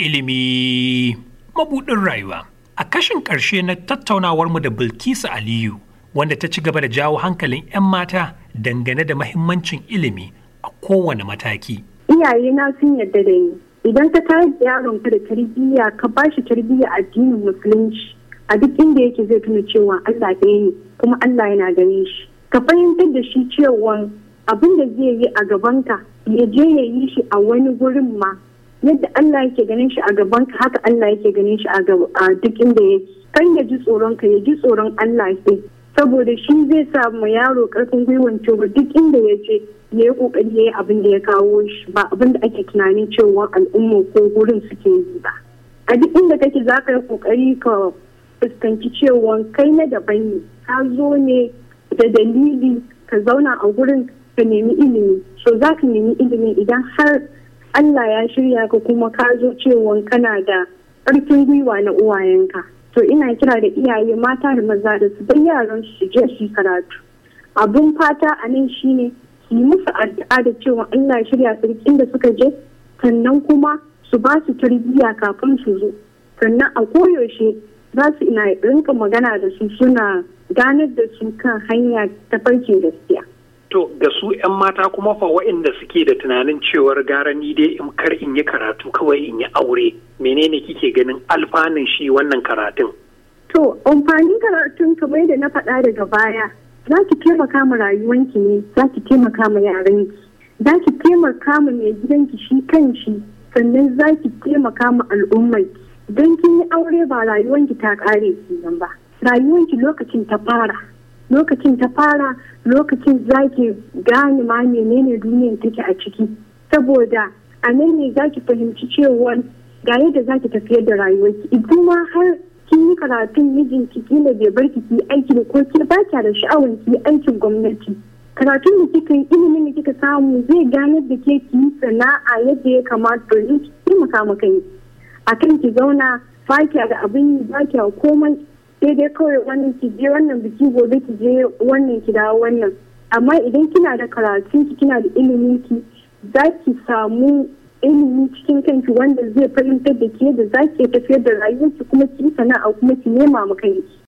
ilimi mabuɗin rayuwa. A kashin ƙarshe na tattaunawarmu da Bilkisu Aliyu, wanda ta ci gaba da jawo hankalin 'yan mata dangane da mahimmancin ilimi a kowane mataki. Iyayena sun yarda da ni. Idan ka tare da yaron ka da tarbiyya ka ba shi tarbiyya addinin musulunci a duk inda yake zai tuna cewa Allah ɗaya ne kuma Allah yana gare shi. Ka fahimtar da shi cewa abin da zai yi a gabanka ya je ya yi shi a wani gurin ma yadda Allah yake ganin shi a gaban ka haka Allah yake ganin shi a duk inda yake kan ya ji tsoron ka ya ji tsoron Allah ke saboda shi zai sa ma yaro karfin gwiwan cewa duk inda ya ce ya yi kokari ya yi abin da ya kawo shi ba abin da ake tunanin cewa al'umma ko gurin suke yi ba a duk inda kake za ka yi kokari ka fuskanci cewa kai na daban ne ka zo ne da dalili ka zauna a gurin ka nemi ilimi so za ka nemi ilimi idan har Allah ya shirya ka kuma ka zo cewa kana da ƙarfin gwiwa na uwayenka to ina kira da iyaye mata da maza da su bar yaran su je su karatu abun fata a nan shine su yi musu addu'a da cewa Allah ya shirya sarkin da suka je sannan kuma su ba su tarbiyya kafin su zo sannan a koyaushe za su ina rinka magana da su suna ganar da su kan hanya ta farkin gaskiya To ga su 'yan mata kuma fa waɗanda suke da tunanin cewar gara ni dai in kar in yi karatu kawai in yi aure menene kike ganin alfanun shi wannan karatun? To amfanin karatun kamar da na faɗa daga baya za ki taimaka ma rayuwanki ne za ki taimaka ma yaranki za ki taimaka ma mai gidanki shi kan shi sannan za ki taimaka ma al'ummar idan kin yi aure ba rayuwanki ta ƙare kenan ba rayuwanki lokacin ta fara lokacin ta fara lokacin zaki gane ma menene duniyar take a ciki saboda a nan ne zaki fahimci cewa ga yadda zaki tafiyar da rayuwarki idan ma har kin yi karatun mijinki kila bai bar ki aiki ko ki ba ki da sha'awar ki aikin gwamnati karatun da kika yi ilimin da kika samu zai ganar da ke ki sana'a yadda ya kamata domin ki taimaka maka yi kan ki zauna ba kya da abin ba ki komai sai dai kawai wannan ki je wannan biki gobe ki je wannan ki dawo wannan amma idan kina da karatun ki kina da ilimin ki za ki samu ilimin cikin kanki wanda zai fahimtar da ke da zaki ki tafiyar da rayuwarki kuma ki sana'a kuma ki nema ma